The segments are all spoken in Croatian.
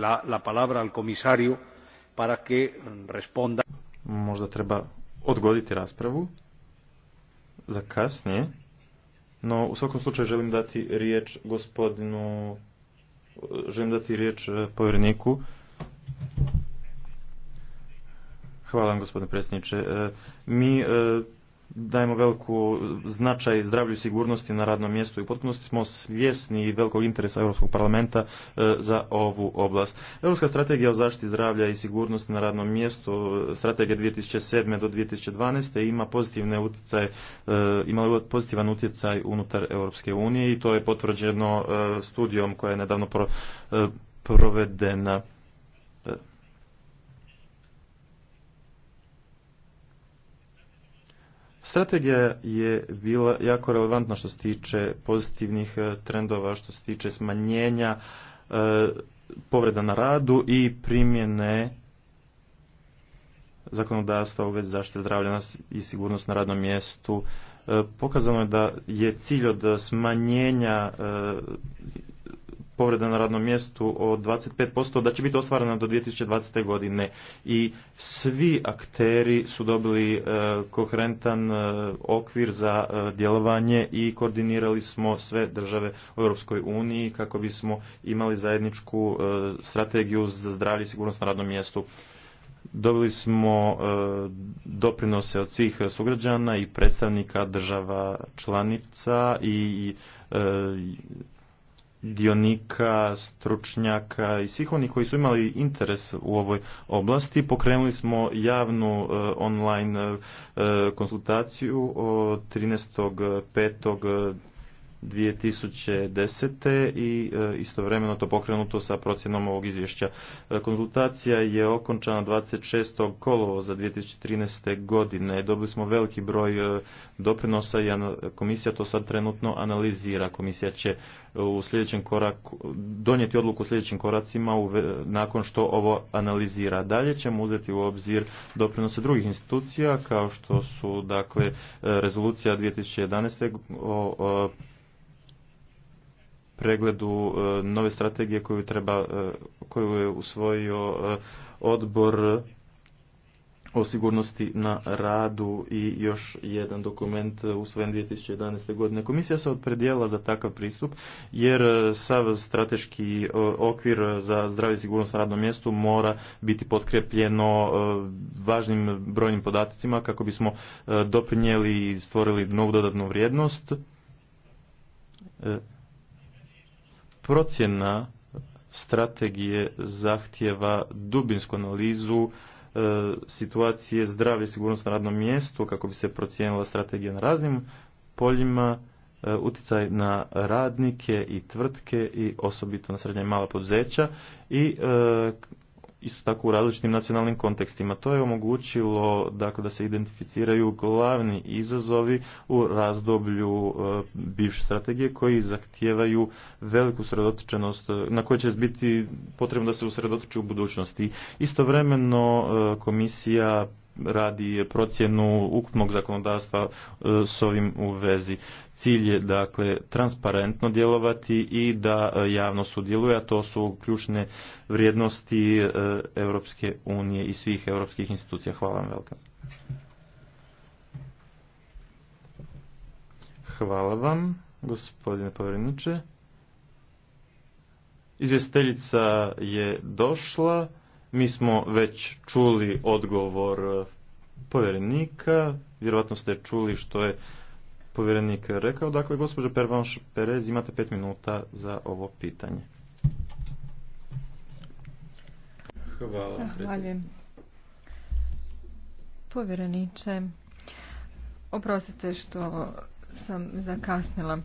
la, la palabra al comisario para que responda. Možda treba odgoditi raspravu za kasnije, no u svakom slučaju želim dati riječ gospodinu, želim dati riječ e, povjereniku. Hvala vam gospodine predsjedniče. E, mi e, dajemo veliku značaj zdravlju i sigurnosti na radnom mjestu i potpunosti smo svjesni velikog interesa Europskog parlamenta e, za ovu oblast. Europska strategija o zaštiti zdravlja i sigurnosti na radnom mjestu, e, strategija 2007. do 2012. ima pozitivne utjecaje, e, imala pozitivan utjecaj unutar Europske unije i to je potvrđeno studijom koja je nedavno provedena Strategija je bila jako relevantna što se tiče pozitivnih e, trendova, što se tiče smanjenja e, povreda na radu i primjene zakonodavstva u vezi zaštite zdravlja i sigurnost na radnom mjestu. E, pokazano je da je cilj od smanjenja povreda na radnom mjestu od 25%, da će biti ostvarena do 2020. godine. I svi akteri su dobili e, koherentan e, okvir za e, djelovanje i koordinirali smo sve države u Europskoj uniji kako bismo imali zajedničku strategiju za zdravlje i sigurnost na radnom mjestu. Dobili smo doprinose od svih sugrađana i predstavnika država članica i dionika, stručnjaka i svih onih koji su imali interes u ovoj oblasti. Pokrenuli smo javnu eh, online eh, konsultaciju od 13.5. 2010. i e, istovremeno to pokrenuto sa procjenom ovog izvješća. E, konzultacija je okončana 26. kolovo za 2013. godine. Dobili smo veliki broj e, doprinosa i komisija to sad trenutno analizira. Komisija će u sljedećem koraku, donijeti odluku u sljedećim koracima nakon što ovo analizira. Dalje ćemo uzeti u obzir doprinose drugih institucija kao što su dakle rezolucija 2011. o, o pregledu e, nove strategije koju, treba, e, koju je usvojio e, odbor o sigurnosti na radu i još jedan dokument usvojen 2011. godine. Komisija se odpredijela za takav pristup jer sav strateški okvir za zdravlje i sigurnost na radnom mjestu mora biti potkrepljeno važnim brojnim podacima kako bismo doprinijeli i stvorili novu dodatnu vrijednost procjena strategije zahtjeva dubinsku analizu e, situacije zdravlje i sigurnost na radnom mjestu kako bi se procijenila strategija na raznim poljima, e, utjecaj na radnike i tvrtke i osobito na srednje i mala poduzeća i e, isto tako u različitim nacionalnim kontekstima. To je omogućilo dakle, da se identificiraju glavni izazovi u razdoblju e, bivše strategije koji zahtijevaju veliku sredotočenost na koje će biti potrebno da se usredotoči u budućnosti. Istovremeno e, komisija radi procjenu ukupnog zakonodavstva e, s ovim u vezi. Cilj je dakle transparentno djelovati i da e, javno sudjeluje, a to su ključne vrijednosti e, Europske unije i svih europskih institucija. Hvala vam velika. Hvala vam, gospodine povjereniče. Izvjestiteljica je došla. Mi smo već čuli odgovor e, povjerenika, vjerojatno ste čuli što je povjerenik rekao. Dakle, gospođo Pervanš Perez, imate pet minuta za ovo pitanje. Hvala. Zahvaljujem. Povjereniče, oprostite što sam zakasnila.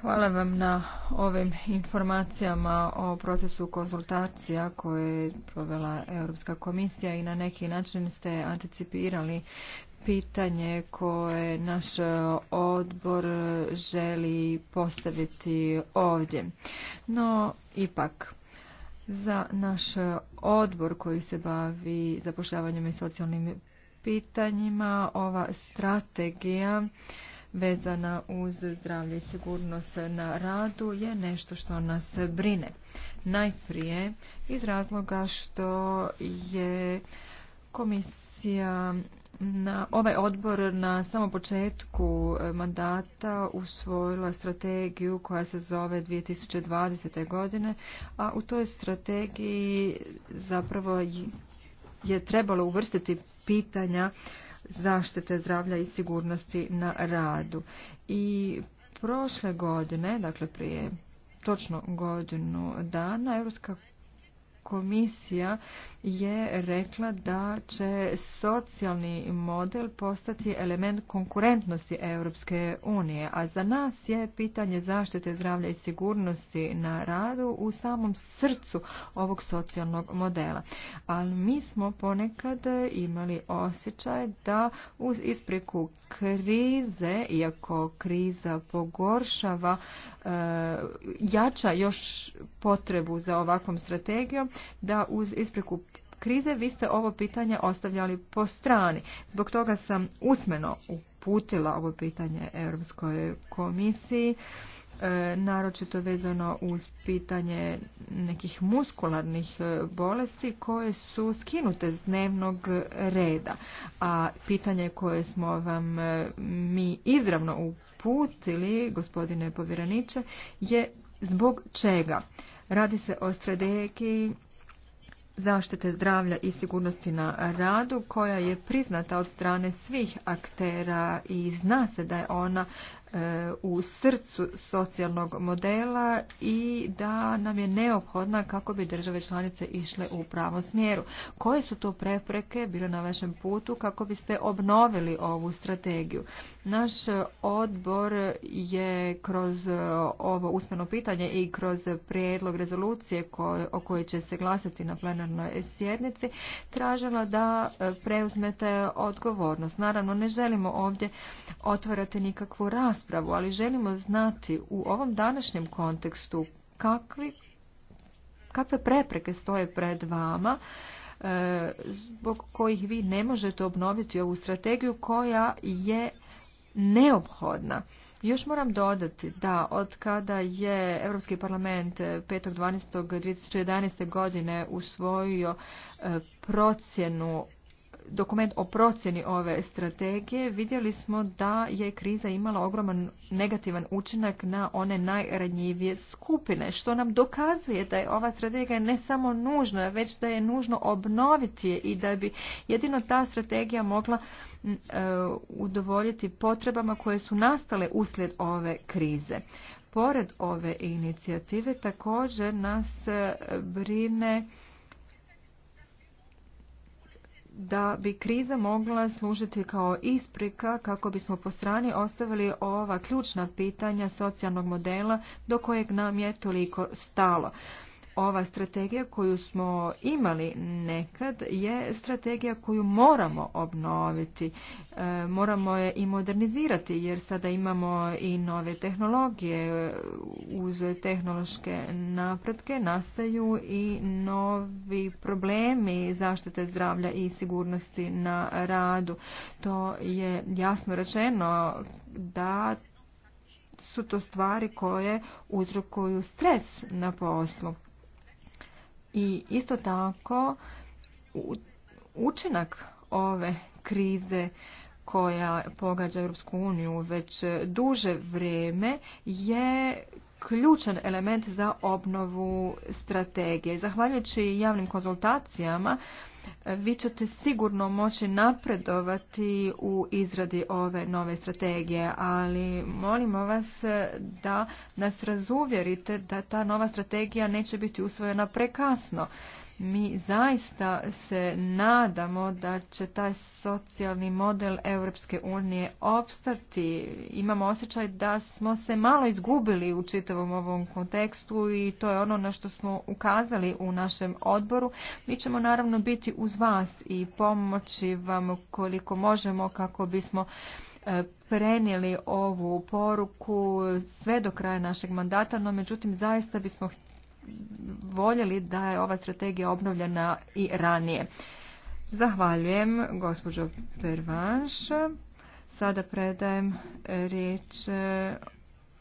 Hvala vam na ovim informacijama o procesu konzultacija koje je provela Europska komisija i na neki način ste anticipirali pitanje koje naš odbor želi postaviti ovdje. No, ipak, za naš odbor koji se bavi zapošljavanjem i socijalnim pitanjima, ova strategija vezana uz zdravlje i sigurnost na radu je nešto što nas brine. Najprije iz razloga što je komisija na ovaj odbor na samom početku mandata usvojila strategiju koja se zove 2020. godine, a u toj strategiji zapravo je trebalo uvrstiti pitanja zaštite zdravlja i sigurnosti na radu. I prošle godine, dakle prije točno godinu dana, Europska komisija je rekla da će socijalni model postati element konkurentnosti Europske unije, a za nas je pitanje zaštite zdravlja i sigurnosti na radu u samom srcu ovog socijalnog modela. Ali mi smo ponekad imali osjećaj da uz ispriku krize, iako kriza pogoršava, eh, jača još potrebu za ovakvom strategijom, da uz ispriku krize, vi ste ovo pitanje ostavljali po strani. Zbog toga sam usmeno uputila ovo pitanje Europskoj komisiji, e, naročito vezano uz pitanje nekih muskularnih e, bolesti koje su skinute s dnevnog reda. A pitanje koje smo vam e, mi izravno uputili, gospodine povjereniče, je zbog čega? Radi se o strategiji zaštite zdravlja i sigurnosti na radu koja je priznata od strane svih aktera i zna se da je ona E, u srcu socijalnog modela i da nam je neophodna kako bi države članice išle u pravom smjeru. Koje su to prepreke bile na vašem putu kako biste obnovili ovu strategiju? Naš odbor je kroz ovo usmeno pitanje i kroz prijedlog rezolucije o kojoj će se glasati na plenarnoj sjednici tražila da preuzmete odgovornost. Naravno, ne želimo ovdje otvarati nikakvu raspravu raspravu, ali želimo znati u ovom današnjem kontekstu kakvi, kakve prepreke stoje pred vama e, zbog kojih vi ne možete obnoviti ovu strategiju koja je neophodna. Još moram dodati da od kada je Europski parlament 5.12.2011. godine usvojio e, procjenu dokument o procjeni ove strategije vidjeli smo da je kriza imala ogroman negativan učinak na one najranjivije skupine, što nam dokazuje da je ova strategija ne samo nužna, već da je nužno obnoviti je i da bi jedino ta strategija mogla e, udovoljiti potrebama koje su nastale uslijed ove krize. Pored ove inicijative također nas e, brine da bi kriza mogla služiti kao isprika kako bismo po strani ostavili ova ključna pitanja socijalnog modela do kojeg nam je toliko stalo ova strategija koju smo imali nekad je strategija koju moramo obnoviti. E, moramo je i modernizirati jer sada imamo i nove tehnologije. Uz tehnološke napretke nastaju i novi problemi zaštite zdravlja i sigurnosti na radu. To je jasno rečeno da su to stvari koje uzrokuju stres na poslu i isto tako učinak ove krize koja pogađa Europsku uniju već duže vrijeme je ključan element za obnovu strategije. Zahvaljujući javnim konzultacijama vi ćete sigurno moći napredovati u izradi ove nove strategije, ali molimo vas da nas razuvjerite da ta nova strategija neće biti usvojena prekasno. Mi zaista se nadamo da će taj socijalni model Europske unije opstati. Imamo osjećaj da smo se malo izgubili u čitavom ovom kontekstu i to je ono na što smo ukazali u našem odboru. Mi ćemo naravno biti uz vas i pomoći vam koliko možemo kako bismo e, prenijeli ovu poruku sve do kraja našeg mandata, no međutim zaista bismo htjeli voljeli da je ova strategija obnovljena i ranije. Zahvaljujem gospođo Pervanš. Sada predajem riječ e,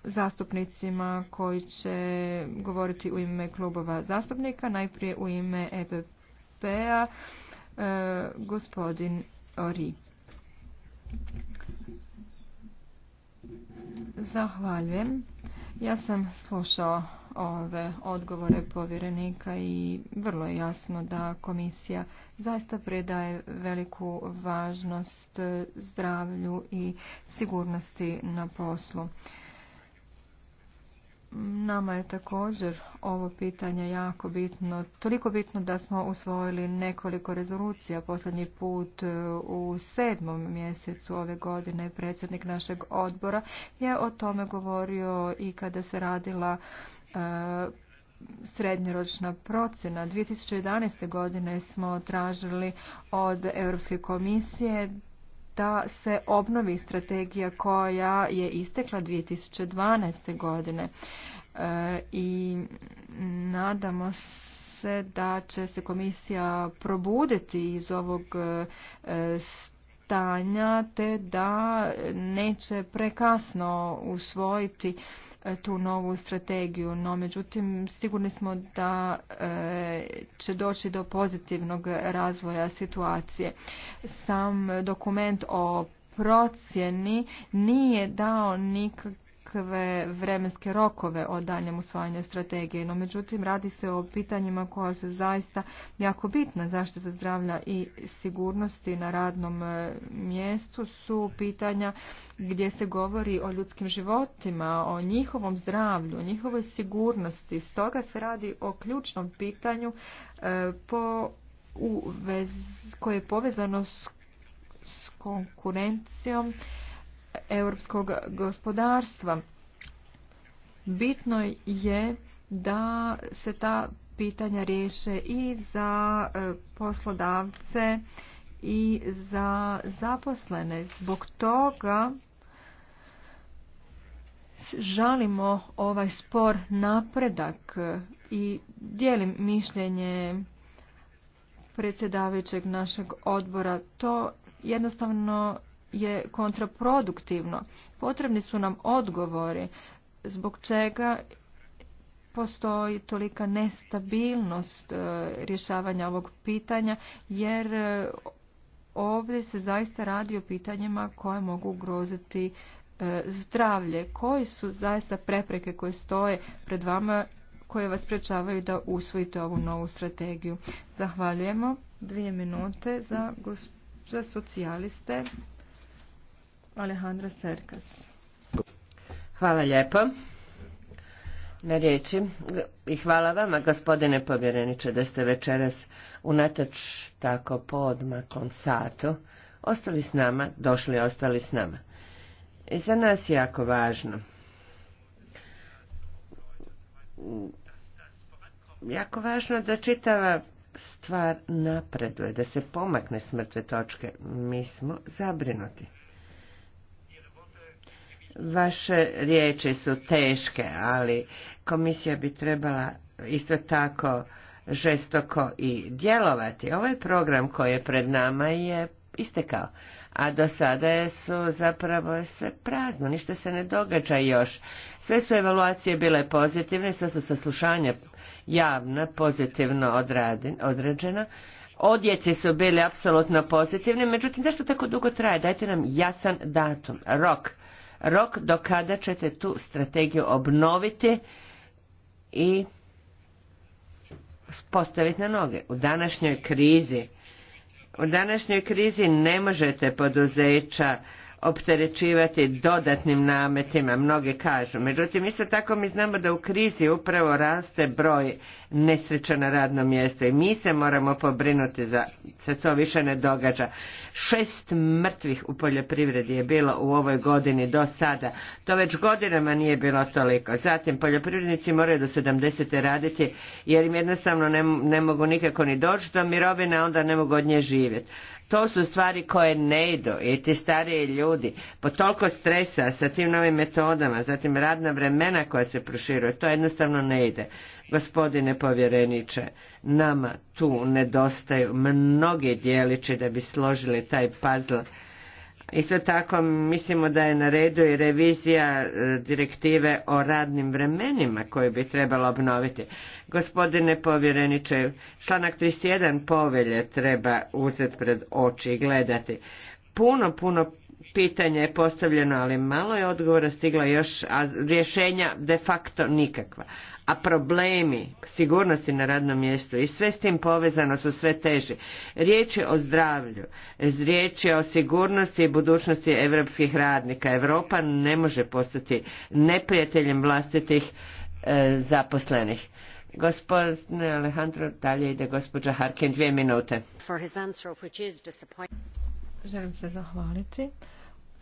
zastupnicima koji će govoriti u ime klubova zastupnika. Najprije u ime EPP-a e, gospodin Ori. Zahvaljujem. Ja sam slušao ove odgovore povjerenika i vrlo je jasno da komisija zaista predaje veliku važnost zdravlju i sigurnosti na poslu. Nama je također ovo pitanje jako bitno, toliko bitno da smo usvojili nekoliko rezolucija. Posljednji put e, u sedmom mjesecu ove godine predsjednik našeg odbora je o tome govorio i kada se radila srednjoročna procjena. 2011. godine smo tražili od Europske komisije da se obnovi strategija koja je istekla 2012. godine e, i nadamo se da će se komisija probuditi iz ovog e, stanja te da neće prekasno usvojiti e, tu novu strategiju. No, međutim, sigurni smo da e, će doći do pozitivnog razvoja situacije. Sam dokument o procjeni nije dao nikak vremenske rokove o daljem usvajanju strategije, no međutim radi se o pitanjima koja su zaista jako bitna. Zaštita zdravlja i sigurnosti na radnom e, mjestu su pitanja gdje se govori o ljudskim životima, o njihovom zdravlju, o njihovoj sigurnosti. Stoga se radi o ključnom pitanju e, po koje je povezano s konkurencijom europskog gospodarstva. Bitno je da se ta pitanja riješe i za e, poslodavce i za zaposlene. Zbog toga žalimo ovaj spor napredak i dijelim mišljenje predsjedavajućeg našeg odbora. To jednostavno je kontraproduktivno. Potrebni su nam odgovori zbog čega postoji tolika nestabilnost e, rješavanja ovog pitanja, jer e, ovdje se zaista radi o pitanjima koje mogu ugroziti e, zdravlje. Koji su zaista prepreke koje stoje pred vama koje vas prečavaju da usvojite ovu novu strategiju. Zahvaljujemo. Dvije minute za, za socijaliste. Alejandra Serkas. Hvala lijepo na riječi i hvala vama gospodine povjereniče da ste večeras unatoč tako odmakom satu ostali s nama, došli ostali s nama. I za nas je jako važno. Jako važno da čitava stvar napreduje, da se pomakne s točke. Mi smo zabrinuti. Vaše riječi su teške, ali komisija bi trebala isto tako žestoko i djelovati. Ovaj program koji je pred nama je istekao, a do sada su zapravo sve prazno, ništa se ne događa još. Sve su evaluacije bile pozitivne, sve su saslušanja javna, pozitivno određena. Odjeci su bili apsolutno pozitivni, međutim zašto tako dugo traje? Dajte nam jasan datum, rok rok do kada ćete tu strategiju obnoviti i postaviti na noge. U današnjoj krizi u današnjoj krizi ne možete poduzeća opterećivati dodatnim nametima, mnoge kažu. Međutim, isto tako mi znamo da u krizi upravo raste broj nesreća na radnom mjestu i mi se moramo pobrinuti za se to više ne događa. Šest mrtvih u poljoprivredi je bilo u ovoj godini do sada. To već godinama nije bilo toliko. Zatim, poljoprivrednici moraju do 70. raditi jer im jednostavno ne, mogu nikako ni doći do mirovine, onda ne mogu od nje živjeti. To su stvari koje ne idu i ti stariji ljudi po toliko stresa sa tim novim metodama, zatim radna vremena koja se proširuje, to jednostavno ne ide. Gospodine povjereniče, nama tu nedostaju mnogi dijelići da bi složili taj puzzle Isto tako mislimo da je na redu i revizija e, direktive o radnim vremenima koje bi trebalo obnoviti. Gospodine povjereniče, članak 31 povelje treba uzeti pred oči i gledati. Puno, puno pitanja je postavljeno, ali malo je odgovora stigla još, a rješenja de facto nikakva a problemi sigurnosti na radnom mjestu i sve s tim povezano su sve teže. Riječ je o zdravlju, riječ je o sigurnosti i budućnosti europskih radnika. Europa ne može postati neprijateljem vlastitih e, zaposlenih. Gospodine Alejandro, dalje ide gospođa Harkin, dvije minute. Želim se zahvaliti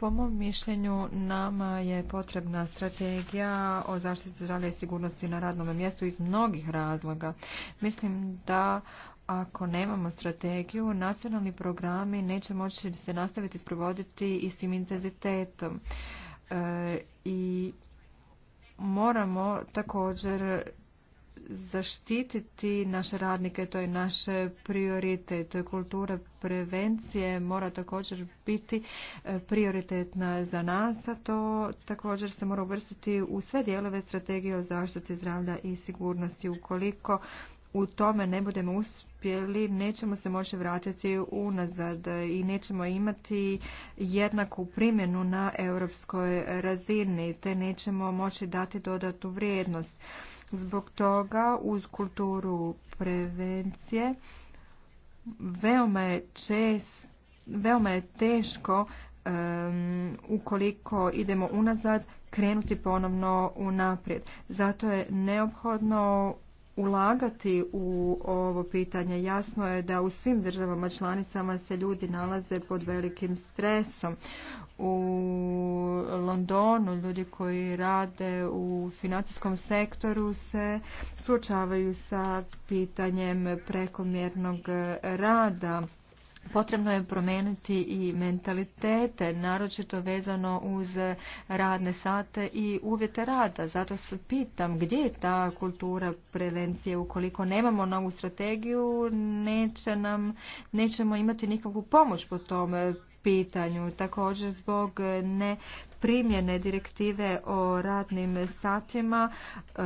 po mom mišljenju nama je potrebna strategija o zaštiti zdravlja i sigurnosti na radnom mjestu iz mnogih razloga. Mislim da ako nemamo strategiju, nacionalni programi neće moći se nastaviti sprovoditi istim intenzitetom. E, I moramo također zaštititi naše radnike, to je naš prioritet. Kultura prevencije mora također biti e, prioritetna za nas, a to također se mora uvrstiti u sve dijelove strategije o zaštiti zdravlja i sigurnosti. Ukoliko u tome ne budemo uspjeli, nećemo se moći vratiti unazad i nećemo imati jednaku primjenu na europskoj razini, te nećemo moći dati dodatu vrijednost. Zbog toga uz kulturu prevencije veoma je teško ukoliko idemo unazad krenuti ponovno unaprijed. Zato je neophodno ulagati u ovo pitanje. Jasno je da u svim državama članicama se ljudi nalaze pod velikim stresom. U Londonu ljudi koji rade u financijskom sektoru se suočavaju sa pitanjem prekomjernog rada Potrebno je promijeniti i mentalitete, naročito vezano uz radne sate i uvjete rada. Zato se pitam gdje je ta kultura prevencije. Ukoliko nemamo novu strategiju, neće nam, nećemo imati nikakvu pomoć po tom pitanju. Također zbog ne primjene direktive o radnim satima e,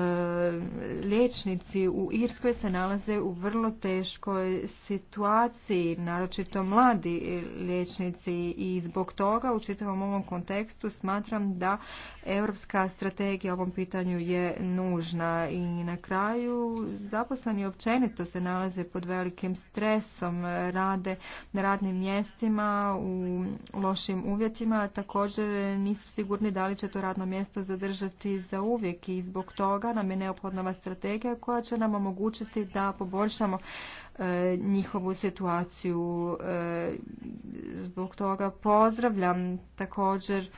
liječnici u Irskoj se nalaze u vrlo teškoj situaciji, naročito mladi liječnici i zbog toga u čitavom ovom kontekstu smatram da europska strategija ovom pitanju je nužna i na kraju zaposleni općenito se nalaze pod velikim stresom, rade na radnim mjestima u lošim uvjetima, također nisu sigurni da li će to radno mjesto zadržati za uvijek i zbog toga nam je neophodna strategija koja će nam omogućiti da poboljšamo e, njihovu situaciju. E, zbog toga pozdravljam također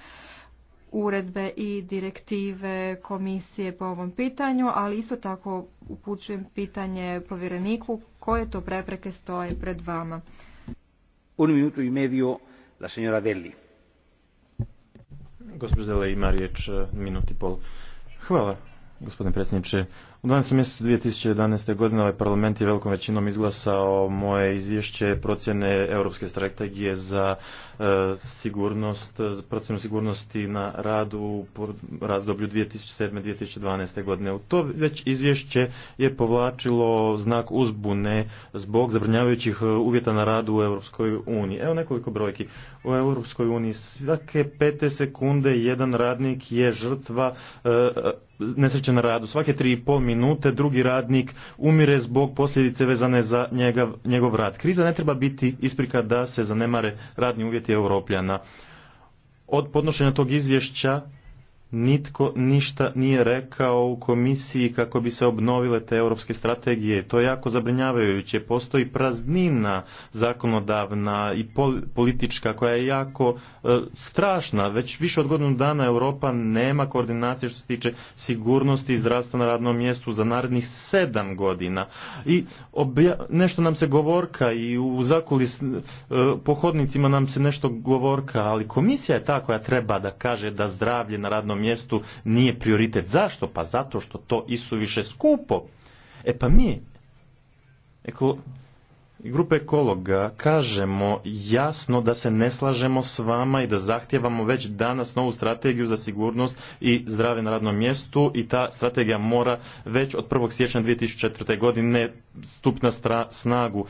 uredbe i direktive komisije po ovom pitanju, ali isto tako upućujem pitanje povjereniku koje to prepreke stoje pred vama. Un minuto i medio la Deli. Gospodin Zele ima riječ e, minut i pol. Hvala, gospodine predsjedniče. U 12. mjesecu 2011. godine ovaj parlament je velikom većinom izglasao moje izvješće procjene europske strategije za e, sigurnost, procjenu sigurnosti na radu u razdoblju 2007-2012. godine. U to već izvješće je povlačilo znak uzbune zbog zabrinjavajućih e, uvjeta na radu u Europskoj uniji. Evo nekoliko brojki. U Europskoj uniji svake pete sekunde jedan radnik je žrtva e, nesreće na radu. Svake tri i pol minute, drugi radnik umire zbog posljedice vezane za njega, njegov rad. Kriza ne treba biti isprika da se zanemare radni uvjeti europljana. Od podnošenja tog izvješća nitko ništa nije rekao u komisiji kako bi se obnovile te europske strategije. To je jako zabrinjavajuće. Postoji praznina zakonodavna i politička koja je jako e, strašna. Već više od godinu dana Europa nema koordinacije što se tiče sigurnosti i zdravstva na radnom mjestu za narednih sedam godina. I nešto nam se govorka i u zakulis e, nam se nešto govorka, ali komisija je ta koja treba da kaže da zdravlje na radnom mjestu nije prioritet. Zašto? Pa zato što to isuviše skupo. E pa mi, ekolo, grupe ekologa, kažemo jasno da se ne slažemo s vama i da zahtjevamo već danas novu strategiju za sigurnost i zdrave na radnom mjestu i ta strategija mora već od 1. siječnja 2004. godine stup na snagu.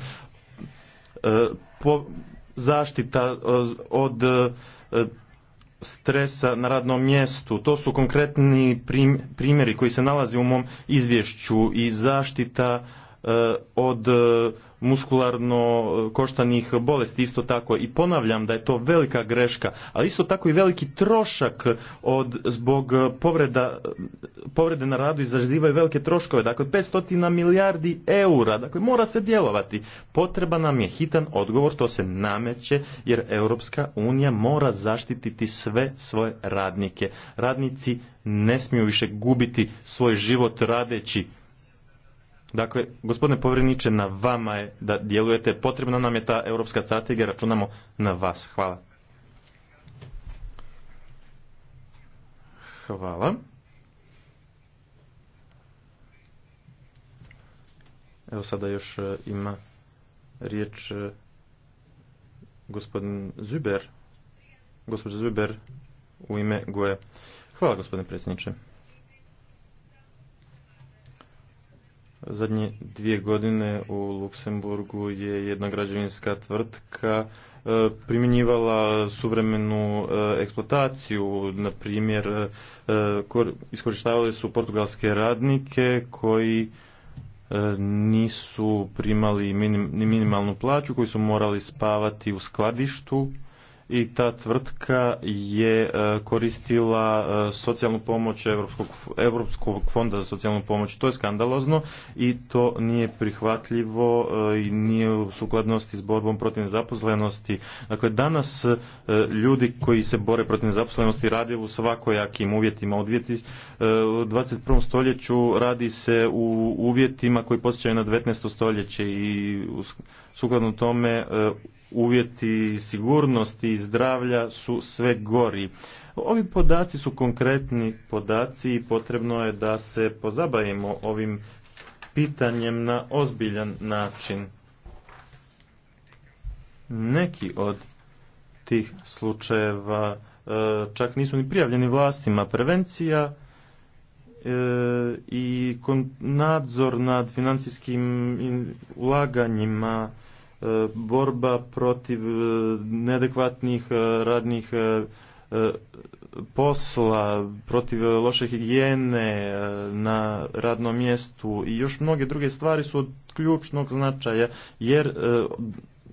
E, po, zaštita od e, stresa na radnom mjestu. To su konkretni primjeri koji se nalaze u mom izvješću i zaštita e, od e, muskularno e, koštanih bolesti isto tako i ponavljam da je to velika greška ali isto tako i veliki trošak od zbog povreda povrede na radu izazivaju velike troškove dakle 500 milijardi eura dakle mora se djelovati potreba nam je hitan odgovor to se nameće jer Europska unija mora zaštititi sve svoje radnike radnici ne smiju više gubiti svoj život radeći Dakle, gospodine povredniče, na vama je da djelujete. Potrebna nam je ta europska strategija, računamo na vas. Hvala. Hvala. Evo sada još e, ima riječ e, gospodin Zuber. Gospodin Zuber u ime Goje. Hvala gospodine predsjedniče. Zadnje dvije godine u Luksemburgu je jedna građevinska tvrtka e, primjenjivala suvremenu e, eksploataciju, na primjer e, iskorištavali su portugalske radnike koji nisu primali minimalnu plaću, koji su morali spavati u skladištu i ta tvrtka je e, koristila e, socijalnu pomoć Europskog, fonda za socijalnu pomoć. To je skandalozno i to nije prihvatljivo e, i nije u sukladnosti s borbom protiv nezaposlenosti. Dakle, danas ljudi koji se bore protiv nezaposlenosti rade u svakojakim uvjetima. U 21. stoljeću radi se u uvjetima koji posjećaju na 19. stoljeće i sukladno tome uvjeti sigurnosti i zdravlja su sve gori. Ovi podaci su konkretni podaci i potrebno je da se pozabavimo ovim pitanjem na ozbiljan način. Neki od tih slučajeva e, čak nisu ni prijavljeni vlastima. Prevencija e, i nadzor nad financijskim ulaganjima E, borba protiv e, neadekvatnih e, radnih posla, protiv loše higijene na radnom mjestu i još mnoge druge stvari su od ključnog značaja jer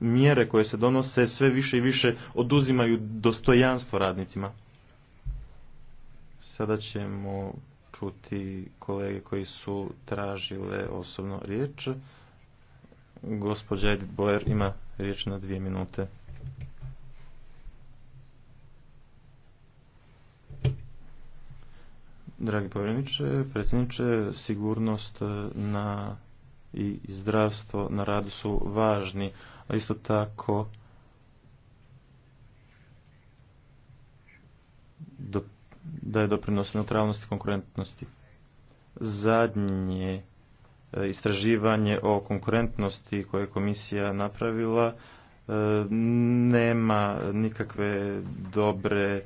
mjere koje se donose sve više i više oduzimaju dostojanstvo radnicima. Sada ćemo čuti kolege koji su tražile osobno riječ. Gospođa Edith Boer ima riječ na dvije minute. Dragi povjereniče, predsjedniče, sigurnost e, na i zdravstvo na radu su važni, a isto tako da je doprinos neutralnosti i konkurentnosti. Zadnje E, istraživanje o konkurentnosti koje je komisija napravila e, nema nikakve dobre e,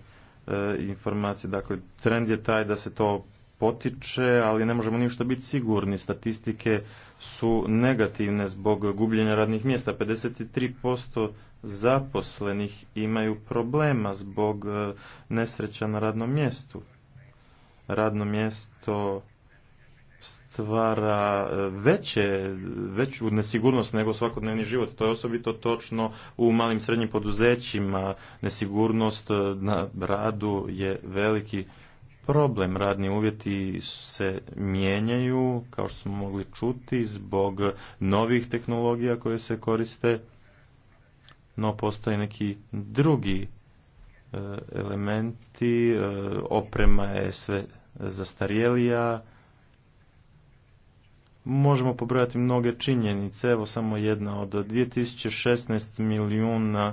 informacije. Dakle, trend je taj da se to potiče, ali ne možemo ništa biti sigurni. Statistike su negativne zbog gubljenja radnih mjesta. 53% zaposlenih imaju problema zbog nesreća na radnom mjestu. Radno mjesto stvara e, veće, veću nesigurnost nego svakodnevni život. To je osobito točno u malim srednjim poduzećima. Nesigurnost e, na radu je veliki problem. Radni uvjeti se mijenjaju, kao što smo mogli čuti, zbog novih tehnologija koje se koriste, no postoje neki drugi e, elementi, oprema je sve zastarjelija, možemo pobrojati mnoge činjenice. Evo samo jedna od 2016 milijuna e,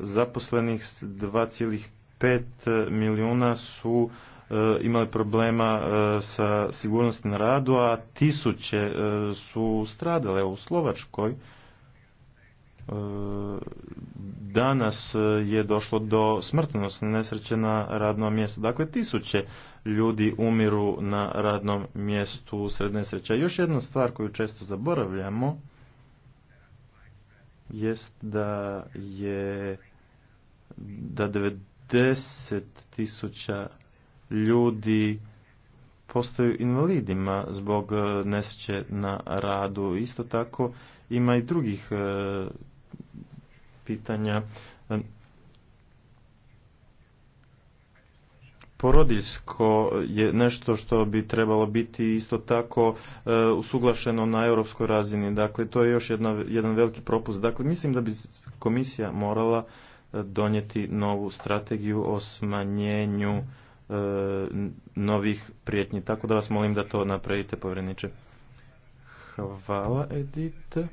zaposlenih, 2,5 milijuna su e, imali problema e, sa sigurnosti na radu, a tisuće su stradale u Slovačkoj. E, danas e, je došlo do smrtnosti, nesreće na radnom mjestu. Dakle, tisuće ljudi umiru na radnom mjestu usred nesreća. Još jedna stvar koju često zaboravljamo jest da je da 90 tisuća ljudi postaju invalidima zbog e, nesreće na radu. Isto tako ima i drugih pitanja porodiljsko je nešto što bi trebalo biti isto tako e, usuglašeno na europskoj razini. Dakle, to je još jedna, jedan veliki propust. Dakle, mislim da bi komisija morala e, donijeti novu strategiju o smanjenju e, novih prijetnji. Tako da vas molim da to napravite, povredniče. Hvala, Edith.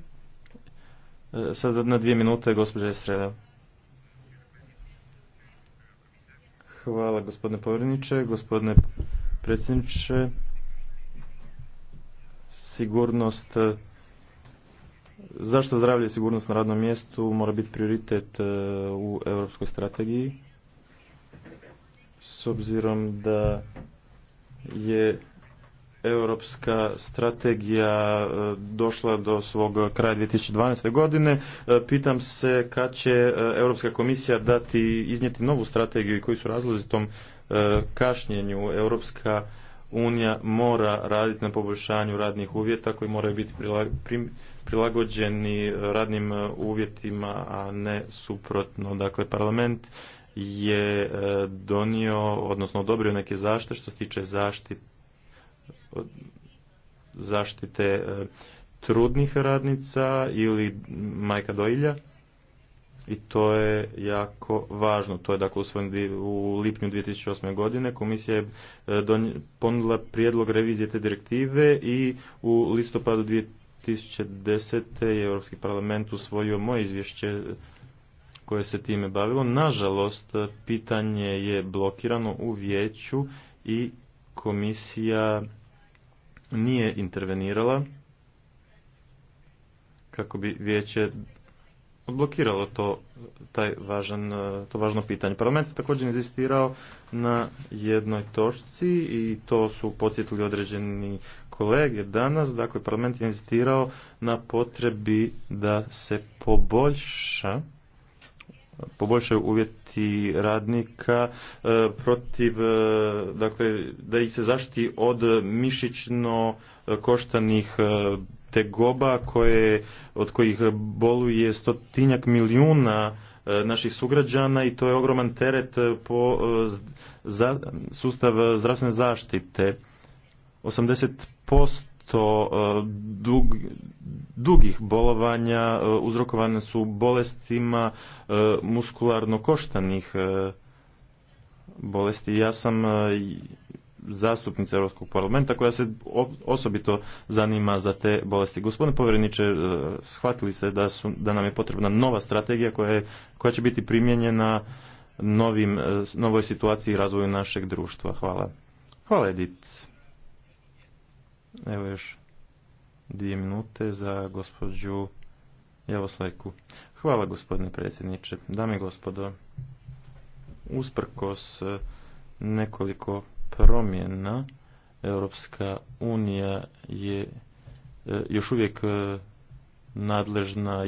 Sada na dvije minute, gospođa Estrela. Hvala gospodine povjereniče, gospodine predsjedniče. Sigurnost, zašto zdravlje i sigurnost na radnom mjestu mora biti prioritet e, u europskoj strategiji? S obzirom da je europska strategija e, došla do svog kraja 2012. godine. E, pitam se kad će e, Europska komisija dati, iznijeti novu strategiju i koji su razlozi tom kašnjenju. Europska unija mora raditi na poboljšanju radnih uvjeta koji moraju biti prilagođeni radnim uvjetima, a ne suprotno. Dakle, parlament je donio, odnosno odobrio neke zaštite što se tiče zaštite zaštite e, trudnih radnica ili majka doilja i to je jako važno. To je dakle usvojen u lipnju 2008. godine. Komisija je e, ponudila prijedlog revizije te direktive i u listopadu 2010. je Europski parlament usvojio moje izvješće koje se time bavilo. Nažalost, pitanje je blokirano u vijeću i komisija nije intervenirala kako bi vijeće odblokiralo to, taj važan, to važno pitanje. Parlament je također inzistirao na jednoj točci i to su podsjetili određeni kolege danas. Dakle, parlament je inzistirao na potrebi da se poboljša poboljšaju uvjeti radnika e, protiv, e, dakle, da ih se zaštiti od mišićno e, koštanih tegoba koje, od kojih boluje stotinjak milijuna naših sugrađana i to je ogroman teret po za, sustav zdravstvene zaštite. 80% to e, dug, dugih bolovanja e, uzrokovane su bolestima e, muskularno koštanih bolesti. Ja sam zastupnica Europskog parlamenta koja se osobito zanima za te bolesti. Gospodine povjereniče, shvatili ste da, su, da nam je potrebna nova strategija koja, je, koja će biti primijenjena novim, novoj situaciji i razvoju našeg društva. Hvala. Hvala Edith. Evo još dvije minute za gospođu Javoslajku. Hvala gospodine predsjedniče. Dame i gospodo, usprkos e, nekoliko promjena Europska unija je e, još uvijek e, nadležna,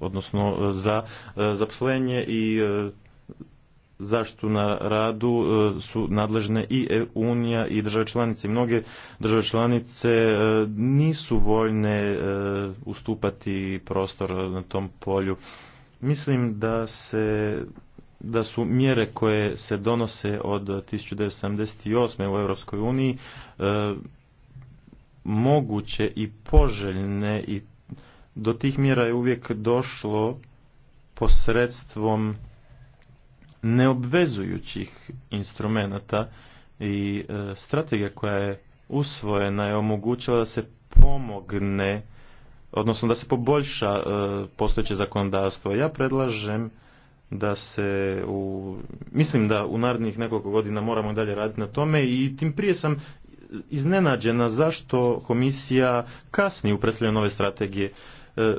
odnosno za zaposlenje i zaštitu na radu e, su nadležne i EU Unija i države članice. Mnoge države članice e, nisu voljne e, ustupati prostor na tom polju. Mislim da se da su mjere koje se donose od 1978. u Europskoj uniji moguće i poželjne i do tih mjera je uvijek došlo posredstvom neobvezujućih instrumenata i e, strategija koja je usvojena je omogućila da se pomogne odnosno da se poboljša e, postojeće zakonodavstvo. Ja predlažem da se u, mislim da u narednih nekoliko godina moramo dalje raditi na tome i tim prije sam iznenađena zašto komisija kasni u nove strategije. E,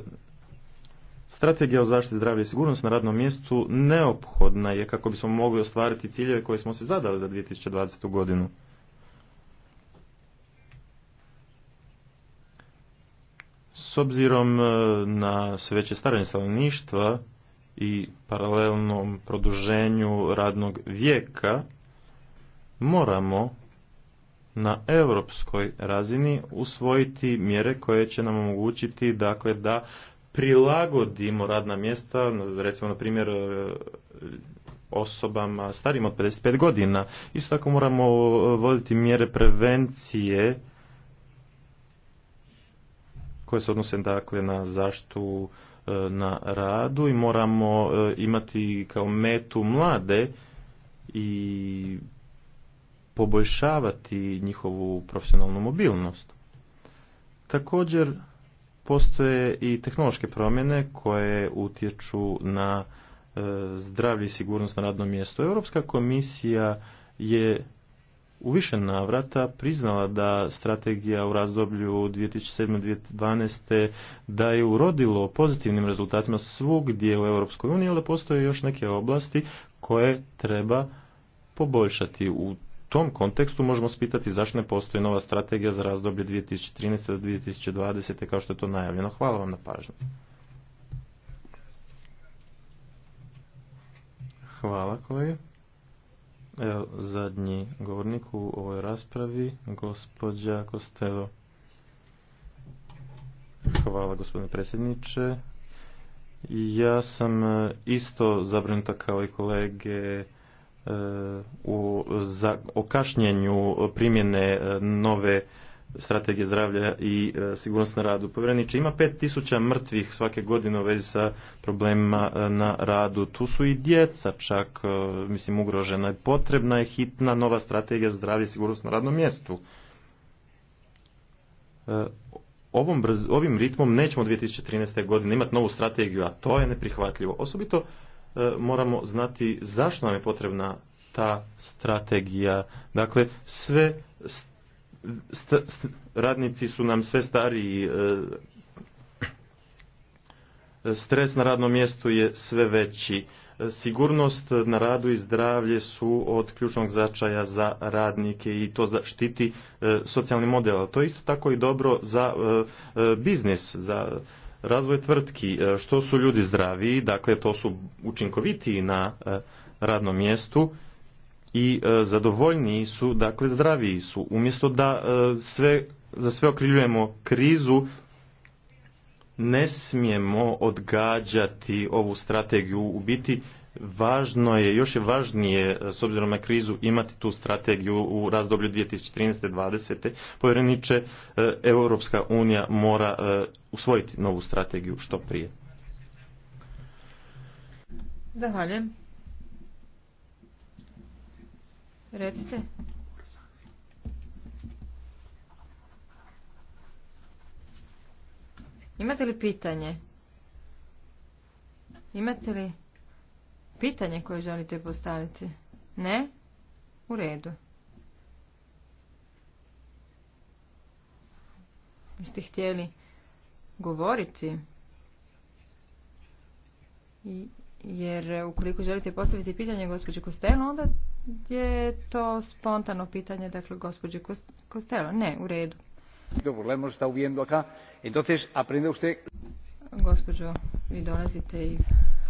Strategija o zaštiti zdravlja i sigurnost na radnom mjestu neophodna je kako bismo mogli ostvariti ciljeve koje smo se zadali za 2020. godinu. S obzirom e, na sve veće staranje stanovništva i paralelnom produženju radnog vijeka, moramo na europskoj razini usvojiti mjere koje će nam omogućiti dakle da prilagodimo radna mjesta, recimo na primjer e, osobama starim od 55 godina. Isto tako moramo e, voditi mjere prevencije koje se odnose dakle na zaštu e, na radu i moramo imati kao metu mlade i poboljšavati njihovu profesionalnu mobilnost. Također postoje i tehnološke promjene koje utječu na e, zdravlje i sigurnost na radnom mjestu. Europska komisija je u više navrata priznala da strategija u razdoblju 2007-2012 da je urodilo pozitivnim rezultatima svugdje u Europskoj uniji, ali postoje još neke oblasti koje treba poboljšati. U tom kontekstu možemo spitati zašto ne postoji nova strategija za razdoblje 2013. do 2020. kao što je to najavljeno. Hvala vam na pažnju. Hvala kolege. Evo, zadnji govornik u ovoj raspravi, gospođa Kostelo. Hvala gospodine predsjedniče. Ja sam e, isto zabrinuta kao i kolege E, u, za, o kašnjenju primjene e, nove strategije zdravlja i e, sigurnost na radu. Povjereniče, ima 5000 mrtvih svake godine u vezi sa problemima na radu. Tu su i djeca čak, mislim, ugrožena. Potrebna je hitna nova strategija zdravlja i sigurnost na radnom mjestu. Ovom ovim ritmom nećemo 2013. godine imati novu strategiju, a to je neprihvatljivo. Osobito E, moramo znati zašto nam je potrebna ta strategija. Dakle, sve radnici su nam sve stariji, e, stres na radnom mjestu je sve veći. E, sigurnost na radu i zdravlje su od ključnog značaja za radnike i to štiti socijalni model. To je isto tako i dobro za biznis, za razvoj tvrtki, e, što su ljudi zdraviji, dakle to su učinkovitiji na e, radnom mjestu i e, zadovoljniji su, dakle zdraviji su. Umjesto da sve, za sve okriljujemo krizu, ne smijemo odgađati ovu strategiju, u biti važno je, još je važnije e, s obzirom na krizu imati tu strategiju u razdoblju 2013-2020. Povjereniče, e, Europska unija mora e, usvojiti novu strategiju što prije. Zahvaljujem. Recite. Imate li pitanje? Imate li pitanje koje želite postaviti? Ne? U redu. Jeste htjeli govoriti? Jer ukoliko želite postaviti pitanje gospođe Kostelo, onda je to spontano pitanje, dakle, gospođe Kostelo. Ne, u redu. Gospođo, vi dolazite iz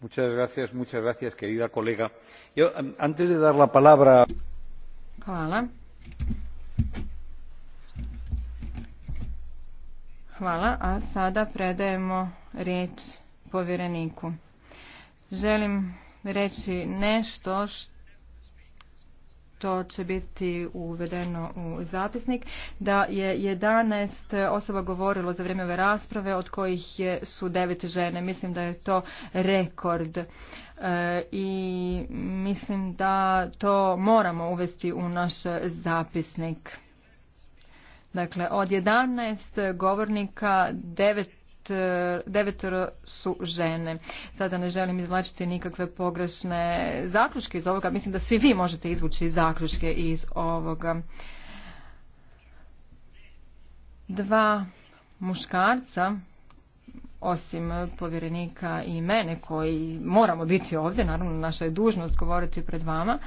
Muchas gracias, Hvala. Hvala, a sada predajemo riječ povjereniku. Želim reći nešto što to će biti uvedeno u zapisnik, da je 11 osoba govorilo za vrijeme ove rasprave, od kojih je, su 9 žene. Mislim da je to rekord e, i mislim da to moramo uvesti u naš zapisnik. Dakle, od 11 govornika 9 devetoro su žene. Sada ne želim izvlačiti nikakve pogrešne zaključke iz ovoga. Mislim da svi vi možete izvući zaključke iz ovoga. Dva muškarca osim povjerenika i mene koji moramo biti ovdje, naravno naša je dužnost govoriti pred vama,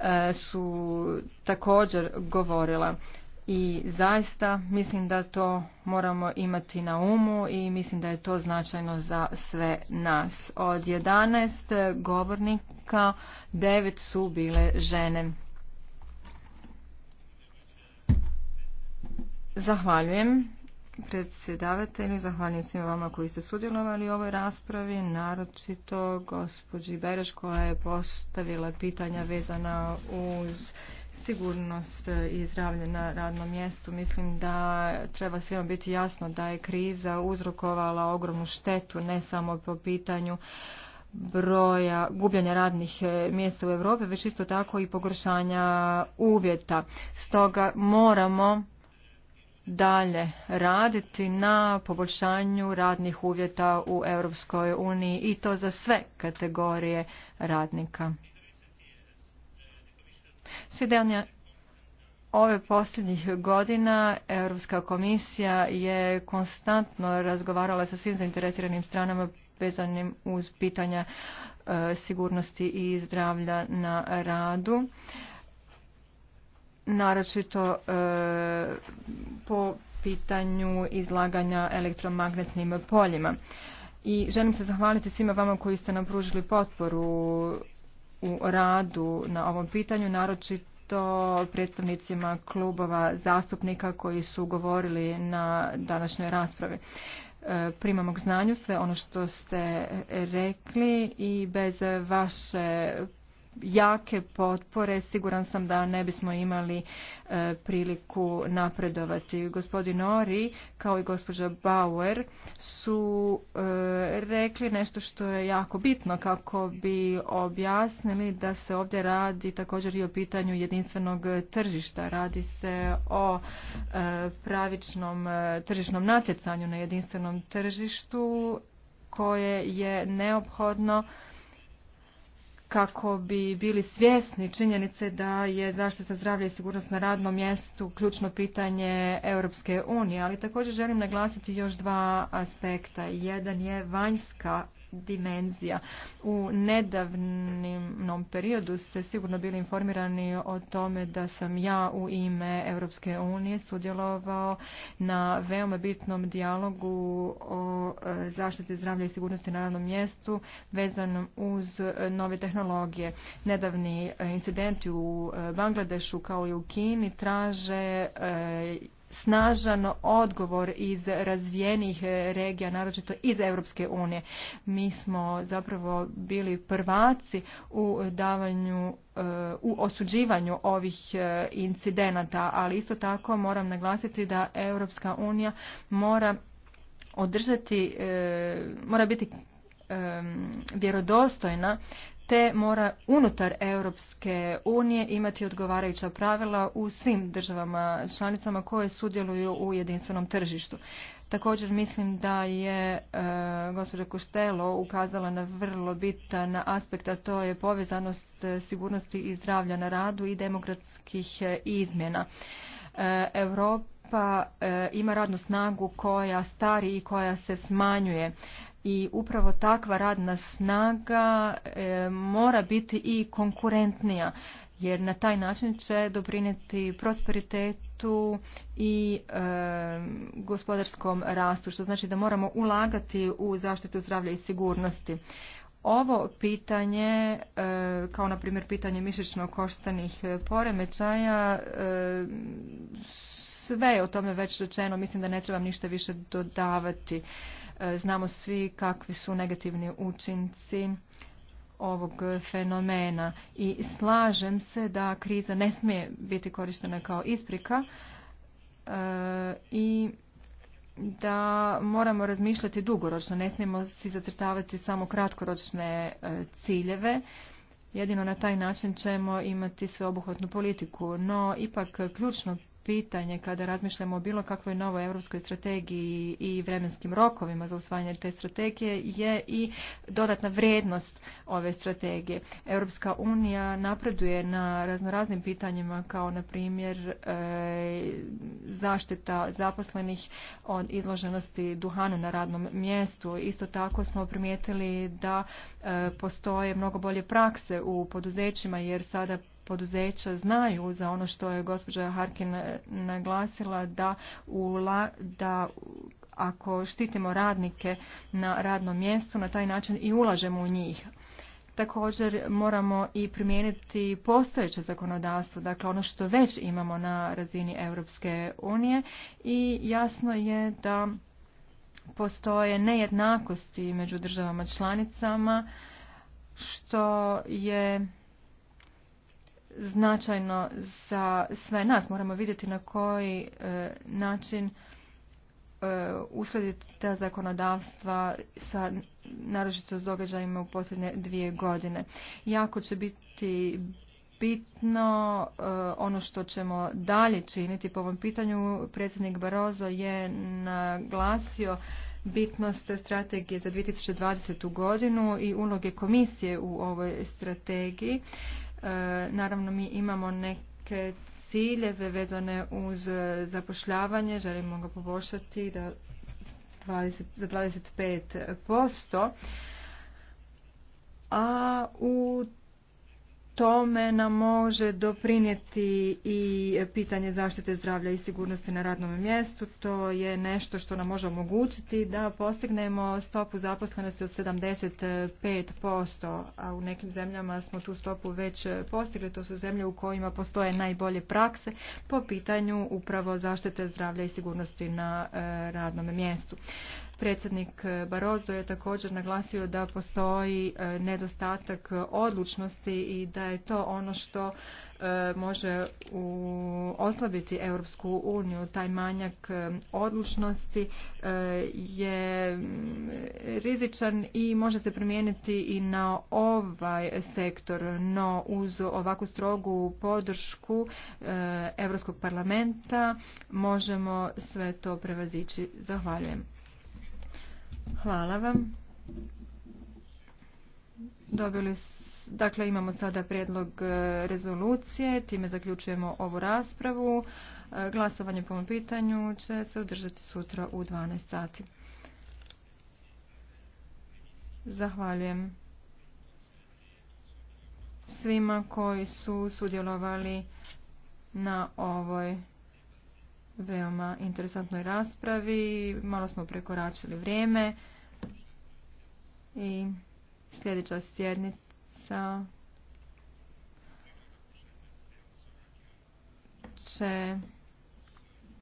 e, su također govorila i zaista mislim da to moramo imati na umu i mislim da je to značajno za sve nas. Od 11 govornika 9 su bile žene. Zahvaljujem predsjedavatelju, zahvaljujem svima vama koji ste sudjelovali u ovoj raspravi, naročito gospođi Bereš koja je postavila pitanja vezana uz sigurnost i zdravlje na radnom mjestu. Mislim da treba svima biti jasno da je kriza uzrokovala ogromnu štetu, ne samo po pitanju broja gubljenja radnih e, mjesta u Europi, već isto tako i pogoršanja uvjeta. Stoga moramo dalje raditi na poboljšanju radnih uvjeta u Europskoj uniji i to za sve kategorije radnika. Sve ove posljednjih godina Europska komisija je konstantno razgovarala sa svim zainteresiranim stranama vezanim uz pitanja e, sigurnosti i zdravlja na radu naročito e, po pitanju izlaganja elektromagnetnim poljima. I želim se zahvaliti svima vama koji ste nam pružili potporu u radu na ovom pitanju, naročito predstavnicima klubova zastupnika koji su govorili na današnjoj raspravi. E, Primamo k znanju sve ono što ste rekli i bez vaše jake potpore siguran sam da ne bismo imali e, priliku napredovati. Gospodin Ori kao i gospođa Bauer su e, rekli nešto što je jako bitno kako bi objasnili da se ovdje radi također i o pitanju jedinstvenog tržišta. Radi se o e, pravičnom tržišnom natjecanju na jedinstvenom tržištu koje je neophodno kako bi bili svjesni činjenice da je zaštita zdravlja i sigurnost na radnom mjestu ključno pitanje Europske unije, ali također želim naglasiti još dva aspekta. Jedan je vanjska dimenzija. U nedavnom periodu ste sigurno bili informirani o tome da sam ja u ime Europske unije sudjelovao na veoma bitnom dijalogu o e, zaštiti zdravlja i sigurnosti na radnom mjestu vezanom uz nove tehnologije. Nedavni incidenti u e, Bangladešu kao i u Kini traže e, snažan odgovor iz razvijenih regija, naročito iz Europske unije. Mi smo zapravo bili prvaci u davanju eh, u osuđivanju ovih eh, incidenata, ali isto tako moram naglasiti da Europska unija mora održati, eh, mora biti vjerodostojna te mora unutar Europske unije imati odgovarajuća pravila u svim državama članicama koje sudjeluju u jedinstvenom tržištu. Također mislim da je e, gospođa Koštelo ukazala na vrlo bitan aspekt, a to je povezanost sigurnosti i zdravlja na radu i demokratskih e, izmjena. E, Europa ima radnu snagu koja stari i koja se smanjuje i upravo takva radna snaga e, mora biti i konkurentnija jer na taj način će doprinijeti prosperitetu i e, gospodarskom rastu što znači da moramo ulagati u zaštitu zdravlja i sigurnosti ovo pitanje e, kao na primjer pitanje mišićno koštanih poremećaja sve je o tome već rečeno mislim da ne trebam ništa više dodavati E, znamo svi kakvi su negativni učinci ovog fenomena i slažem se da kriza ne smije biti korištena kao isprika e, i da moramo razmišljati dugoročno, ne smijemo si zacrtavati samo kratkoročne e, ciljeve. Jedino na taj način ćemo imati sveobuhvatnu politiku, no ipak ključno pitanje kada razmišljamo o bilo kakvoj novoj europskoj strategiji i vremenskim rokovima za usvajanje te strategije je i dodatna vrijednost ove strategije. Europska unija napreduje na raznoraznim pitanjima kao na primjer e, zaštita zaposlenih od izloženosti duhanu na radnom mjestu. Isto tako smo primijetili da e, postoje mnogo bolje prakse u poduzećima jer sada poduzeća znaju za ono što je gospođa Harkin naglasila da, ula, da ako štitimo radnike na radnom mjestu, na taj način i ulažemo u njih. Također moramo i primijeniti postojeće zakonodavstvo, dakle ono što već imamo na razini Europske unije i jasno je da postoje nejednakosti među državama članicama što je značajno za sve nas. Moramo vidjeti na koji e, način e, uskladiti ta zakonodavstva sa naročito s događajima u posljednje dvije godine. Jako će biti bitno e, ono što ćemo dalje činiti po ovom pitanju. Predsjednik Barozo je naglasio bitnost strategije za 2020. godinu i uloge komisije u ovoj strategiji E, naravno, mi imamo neke ciljeve vezane uz e, zapošljavanje, želimo ga poboljšati da 20, za 25%, a u tome nam može doprinijeti i pitanje zaštite zdravlja i sigurnosti na radnom mjestu. To je nešto što nam može omogućiti da postignemo stopu zaposlenosti od 75%, a u nekim zemljama smo tu stopu već postigli. To su zemlje u kojima postoje najbolje prakse po pitanju upravo zaštite zdravlja i sigurnosti na eh, radnom mjestu. Predsjednik Barozo je također naglasio da postoji e, nedostatak odlučnosti i da je to ono što e, može oslabiti Europsku uniju. Taj manjak e, odlučnosti je mm, rizičan i može se promijeniti i na ovaj sektor, no uz ovakvu strogu podršku Europskog parlamenta možemo sve to prevazići. Zahvaljujem. Hvala vam. Dobili, dakle, imamo sada prijedlog e, rezolucije. Time zaključujemo ovu raspravu. E, glasovanje po ovom pitanju će se održati sutra u 12 sati. Zahvaljujem svima koji su sudjelovali na ovoj veoma interesantnoj raspravi. Malo smo prekoračili vrijeme i sljedeća sjednica će